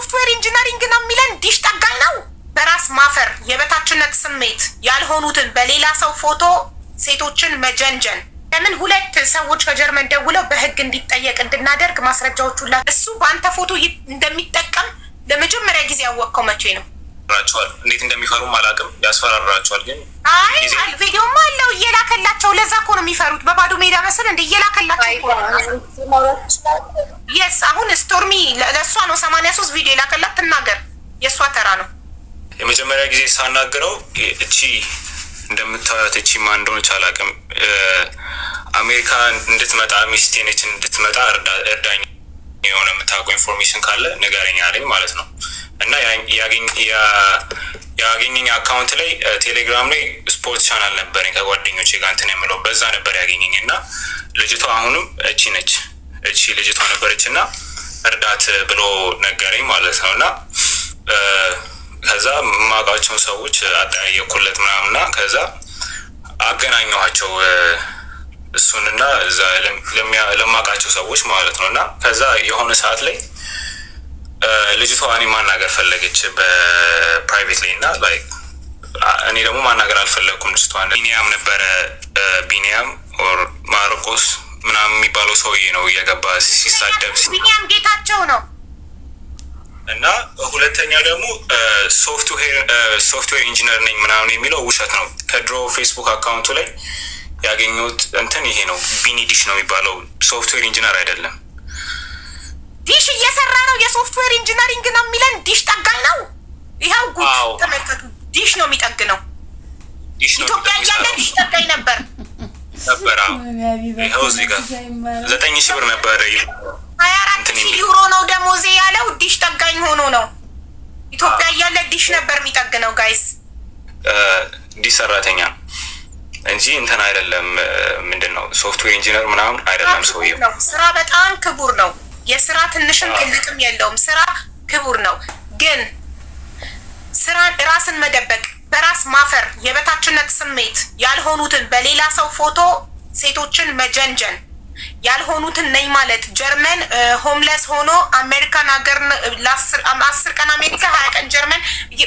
ሶፍትዌር ኢንጂነሪንግ ነው የሚለን ዲሽ ጠጋኝ ነው። በራስ ማፈር፣ የበታችነት ስሜት፣ ያልሆኑትን በሌላ ሰው ፎቶ ሴቶችን መጀንጀን ለምን ሁለት ሰዎች ከጀርመን ደውለው በህግ እንዲጠየቅ እንድናደርግ ማስረጃዎቹ ላ እሱ በአንተ ፎቶ እንደሚጠቀም ለመጀመሪያ ጊዜ ያወቅከው መቼ ነው? ራቸዋል እንዴት እንደሚፈሩም አላውቅም። ያስፈራራቸዋል ግን አይ ቪዲዮማ አለው እየላከላቸው። ለዛ እኮ ነው የሚፈሩት። በባዶ ሜዳ መሰል እንደ እየላከላቸው የስ አሁን ለእሷ ነው ሰማንያ ሶስት ቪዲዮ የላከላት ትናገር። የእሷ ተራ ነው። የመጀመሪያ ጊዜ ሳናግረው እቺ እንደምታዩት እቺ ማን እንደሆነች አላውቅም። አሜሪካ እንድትመጣ ሚስቴ ነች እንድትመጣ እርዳኝ፣ የሆነ የምታውቀው ኢንፎርሜሽን ካለ ንገረኝ አለኝ ማለት ነው። እና ያገኘኝ አካውንት ላይ ቴሌግራም ላይ ስፖርት ቻናል ነበረኝ ከጓደኞች ጋር እንትን የምለው በዛ ነበር ያገኘኝ። እና ልጅቷ አሁንም እቺ ነች እቺ ልጅቷ ነበረች እና እርዳት ብሎ ነገረኝ ማለት ነው እና ከዛ የማውቃቸውን ሰዎች አጠያየኩለት ምናምና ከዛ አገናኘኋቸው እሱንና እዛ ለማውቃቸው ሰዎች ማለት ነው እና ከዛ የሆነ ሰዓት ላይ ልጅቷ እኔ ማናገር ፈለገች በፕራይቬት ላይ እና እኔ ደግሞ ማናገር አልፈለግኩም። ልጅቷ ቢኒያም ነበረ ቢኒያም ኦር ማርቆስ ምናምን የሚባለው ሰውዬ ነው እየገባ ሲሳደብ ቢኒያም ጌታቸው ነው። እና ሁለተኛ ደግሞ ሶፍትዌር ኢንጂነር ነኝ ምናምን የሚለው ውሸት ነው። ከድሮ ፌስቡክ አካውንቱ ላይ ያገኘሁት እንትን ይሄ ነው። ቢኒዲሽ ነው የሚባለው ሶፍትዌር ኢንጂነር አይደለም። ዲሽ እየሰራ ነው። የሶፍትዌር ኢንጂነሪንግ ነው የሚለን። ዲሽ ጠጋኝ ነው። ይኸው ጉድ ተመልከቱ። ዲሽ ነው የሚጠግ ነው። ኢትዮጵያ እያለ ዲሽ ጠጋኝ ነበር። ነበረ ይኸው እዚህ ጋር ዘጠኝ ሺህ ብር ነበረ። ሀያ አራት ሺህ ዩሮ ነው ደሞዜ ያለው ዲሽ ጠጋኝ ሆኖ ነው። ኢትዮጵያ እያለ ዲሽ ነበር የሚጠግነው ጋይስ፣ ዲሽ ሰራተኛ እንጂ እንትን አይደለም። ምንድን ነው ሶፍትዌር ኢንጂነር ምናምን አይደለም። ሰውየው ስራ በጣም ክቡር ነው። የስራ ትንሽም ትልቅም የለውም። ስራ ክቡር ነው፣ ግን ስራ ራስን መደበቅ በራስ ማፈር፣ የበታችነት ስሜት ያልሆኑትን በሌላ ሰው ፎቶ ሴቶችን መጀንጀን ያልሆኑትን ነኝ ማለት ጀርመን ሆምለስ ሆኖ አሜሪካን ሀገር አስር ቀን አሜሪካ ሀያ ቀን ጀርመን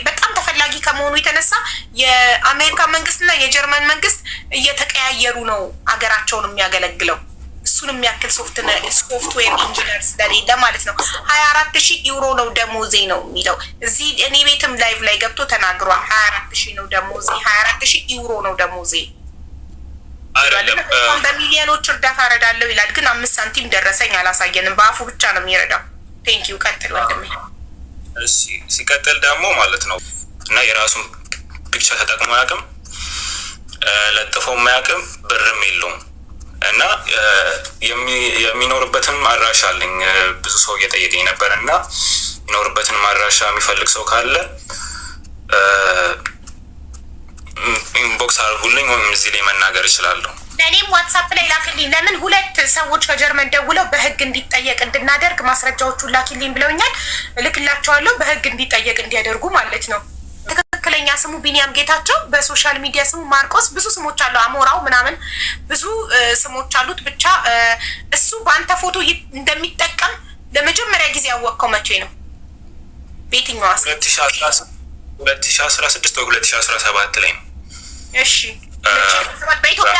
በጣም ተፈላጊ ከመሆኑ የተነሳ የአሜሪካ መንግስትና የጀርመን መንግስት እየተቀያየሩ ነው አገራቸውን የሚያገለግለው። እሱን የሚያክል ሶፍትዌር ኢንጂነር ስለሌለ ማለት ነው። ሀያ አራት ሺህ ዩሮ ነው ደሞዜ ነው የሚለው እዚህ እኔ ቤትም ላይቭ ላይ ገብቶ ተናግሯል። ሀያ አራት ሺህ ነው ደሞዜ፣ ሀያ አራት ሺህ ዩሮ ነው ደሞዜ። በሚሊዮኖች እርዳታ እረዳለሁ ይላል፣ ግን አምስት ሳንቲም ደረሰኝ አላሳየንም። በአፉ ብቻ ነው የሚረዳው። ዩ ቀጥል ወንድሜ። ሲቀጥል ደግሞ ማለት ነው እና የራሱን ፒክቸር ተጠቅሞ አያውቅም፣ ለጥፎ አያውቅም፣ ብርም የለውም እና የሚኖርበትን አድራሻ አለኝ። ብዙ ሰው እየጠየቀኝ ነበር እና የሚኖርበትን አድራሻ የሚፈልግ ሰው ካለ ኢንቦክስ አርጉልኝ ወይም እዚህ ላይ መናገር ይችላሉ። እኔም ዋትሳፕ ላይ ላክልኝ። ለምን ሁለት ሰዎች ከጀርመን ደውለው በህግ እንዲጠየቅ እንድናደርግ ማስረጃዎቹን ላኪልኝ ብለውኛል። እልክላቸዋለሁ። በህግ እንዲጠየቅ እንዲያደርጉ ማለት ነው። ትክክለኛ ስሙ ቢኒያም ጌታቸው፣ በሶሻል ሚዲያ ስሙ ማርቆስ፣ ብዙ ስሞች አለው፣ አሞራው ምናምን ብዙ ስሞች አሉት። ብቻ እሱ በአንተ ፎቶ እንደሚጠቀም ለመጀመሪያ ጊዜ ያወቅከው መቼ ነው? በየትኛዋ ሁለት ሺ አስራ ስድስት ወይ ሁለት ሺ አስራ ሰባት ላይ ነው። እሺ በኢትዮጵያ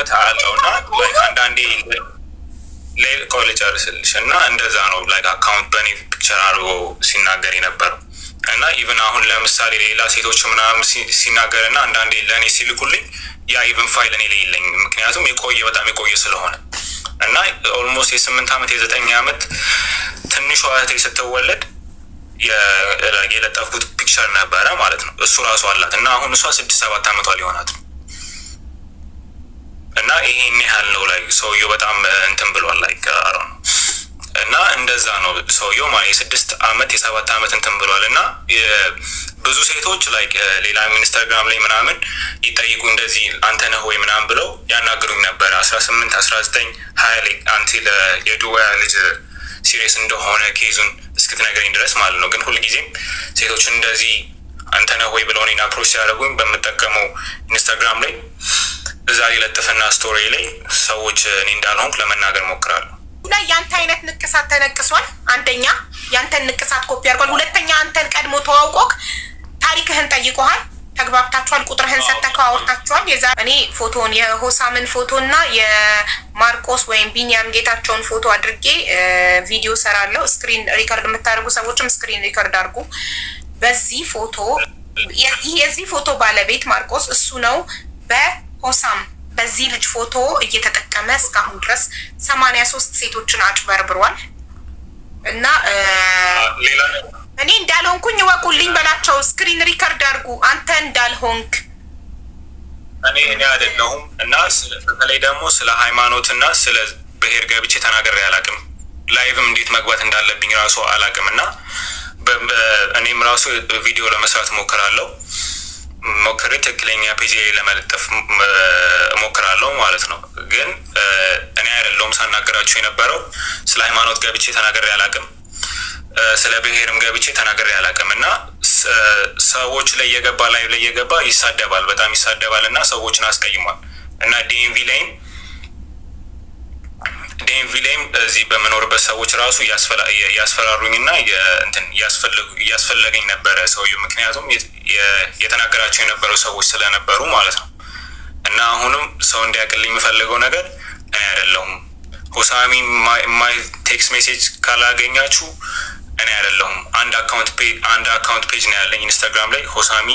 ዓመት አያለው እና አንዳንዴ ቆይ ልጨርስልሽ እና እንደዛ ነው ላይክ አካውንት በእኔ ፒክቸር አድርጎ ሲናገር የነበረው እና ኢቨን አሁን ለምሳሌ ሌላ ሴቶች ምናምን ሲናገር እና አንዳንዴ ለእኔ ሲልኩልኝ ያ ኢቨን ፋይል እኔ ላይ የለኝም፣ ምክንያቱም የቆየ በጣም የቆየ ስለሆነ እና ኦልሞስት የስምንት ዓመት የዘጠኝ ዓመት ትንሿ እህቴ ስትወለድ የለጠፉት ፒክቸር ነበረ ማለት ነው። እሱ ራሱ አላት እና አሁን እሷ ስድስት ሰባት ዓመቷ ሊሆናት ነው። እና ይሄን ያህል ነው ላይ ሰውየው በጣም እንትን ብሏል ላይ ቀራረ ነው እና እንደዛ ነው ሰውየው ማለት የስድስት አመት የሰባት አመት እንትን ብሏል። እና ብዙ ሴቶች ላይ ሌላ ኢንስታግራም ላይ ምናምን ይጠይቁ እንደዚህ አንተ ነህ ወይ ምናምን ብለው ያናግሩኝ ነበረ አስራ ስምንት አስራ ዘጠኝ ሀያ ላይ አንቲ የዱባያ ልጅ ሲሪየስ እንደሆነ ኬዙን እስክትነግረኝ ድረስ ማለት ነው። ግን ሁልጊዜም ሴቶች እንደዚህ አንተ ነህ ወይ ብለው እኔን አፕሮች ሲያደርጉኝ በምጠቀመው ኢንስታግራም ላይ ዛሬ ለጥፍና ስቶሪ ላይ ሰዎች እኔ እንዳልሆንኩ ለመናገር ሞክራሉ። እና የአንተ አይነት ንቅሳት ተነቅሷል። አንደኛ ያንተን ንቅሳት ኮፒ አድርጓል። ሁለተኛ አንተን ቀድሞ ተዋውቆክ ታሪክህን ጠይቆሃል። ተግባብታችኋል። ቁጥርህን ሰተከው አውርታችኋል። የዛ እኔ ፎቶን የሆሳምን ፎቶ እና የማርቆስ ወይም ቢኒያም ጌታቸውን ፎቶ አድርጌ ቪዲዮ ሰራለው። ስክሪን ሪከርድ የምታደርጉ ሰዎችም ስክሪን ሪከርድ አድርጉ። በዚህ ፎቶ የዚህ ፎቶ ባለቤት ማርቆስ እሱ ነው በ ሆሳም በዚህ ልጅ ፎቶ እየተጠቀመ እስካሁን ድረስ ሰማንያ ሶስት ሴቶችን አጭበርብሯል እና እኔ እንዳልሆንኩኝ ወቁልኝ በላቸው። ስክሪን ሪከርድ አድርጉ። አንተ እንዳልሆንክ እኔ እኔ አይደለሁም እና በተለይ ደግሞ ስለ ሃይማኖት እና ስለ ብሔር ገብቼ ተናግሬ አላቅም። ላይቭም እንዴት መግባት እንዳለብኝ ራሱ አላቅም እና እኔም ራሱ ቪዲዮ ለመስራት ሞክራለሁ። ሞክሬ ትክክለኛ ፔጅ ለመለጠፍ እሞክራለሁ ማለት ነው። ግን እኔ አይደለሁም ሳናገራችሁ የነበረው ስለ ሃይማኖት ገብቼ ተናግሬ አላቅም። ስለ ብሔርም ገብቼ ተናግሬ አላቅም እና ሰዎች ላይ የገባ ላይ ላይ የገባ ይሳደባል፣ በጣም ይሳደባል እና ሰዎችን አስቀይሟል እና ዲኤንቪ ላይም ዴንቪ ላይም እዚህ በመኖርበት ሰዎች ራሱ ያስፈራሩኝና እያስፈለገኝ ነበረ ሰውዬው። ምክንያቱም የተናገራቸው የነበሩ ሰዎች ስለነበሩ ማለት ነው። እና አሁንም ሰው እንዲያቅልኝ የምፈልገው ነገር እኔ አይደለሁም ሆሳሚ ማይ ቴክስት ሜሴጅ ካላገኛችሁ እኔ አይደለሁም። አንድ አካውንት ፔጅ አንድ አካውንት ፔጅ ነው ያለኝ ኢንስታግራም ላይ ሆሳሚ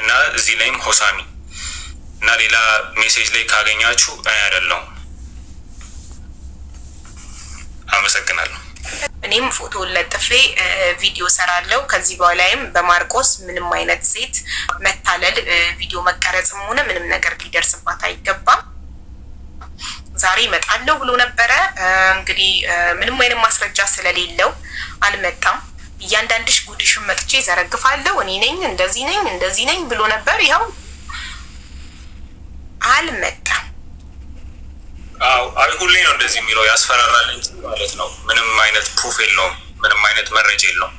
እና እዚህ ላይም ሆሳሚ እና ሌላ ሜሴጅ ላይ ካገኛችሁ እኔ አይደለሁም። አመሰግናለሁ። እኔም ፎቶን ለጥፌ ቪዲዮ ሰራለው። ከዚህ በኋላይም በማርቆስ ምንም አይነት ሴት መታለል ቪዲዮ መቀረጽም ሆነ ምንም ነገር ሊደርስባት አይገባም። ዛሬ ይመጣለው ብሎ ነበረ። እንግዲህ ምንም አይነት ማስረጃ ስለሌለው አልመጣም። እያንዳንድሽ ጉድሽን መጥቼ ዘረግፋለሁ፣ እኔ ነኝ እንደዚህ ነኝ እንደዚህ ነኝ ብሎ ነበር። ይኸው አልመጣም። ማለት ሁሌ ነው እንደዚህ የሚለው ያስፈራራል እንጂ ማለት ነው። ምንም አይነት ፕሩፍ የለውም፣ ምንም አይነት መረጃ የለውም።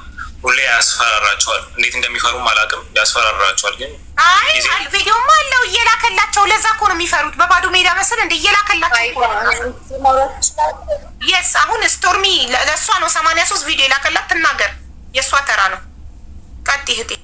ሁሌ ያስፈራራቸዋል። እንዴት እንደሚፈሩም አላውቅም። ያስፈራራቸዋል ግን አይ ቪዲዮማ አለው እየላከላቸው። ለዛ እኮ ነው የሚፈሩት። በባዶ ሜዳ መሰል እንደ እየላከላቸው የስ አሁን ስቶርሚ ለእሷ ነው ሰማንያ ሶስት ቪዲዮ የላከላት። ትናገር፣ የእሷ ተራ ነው። ቀጥ ይህቴ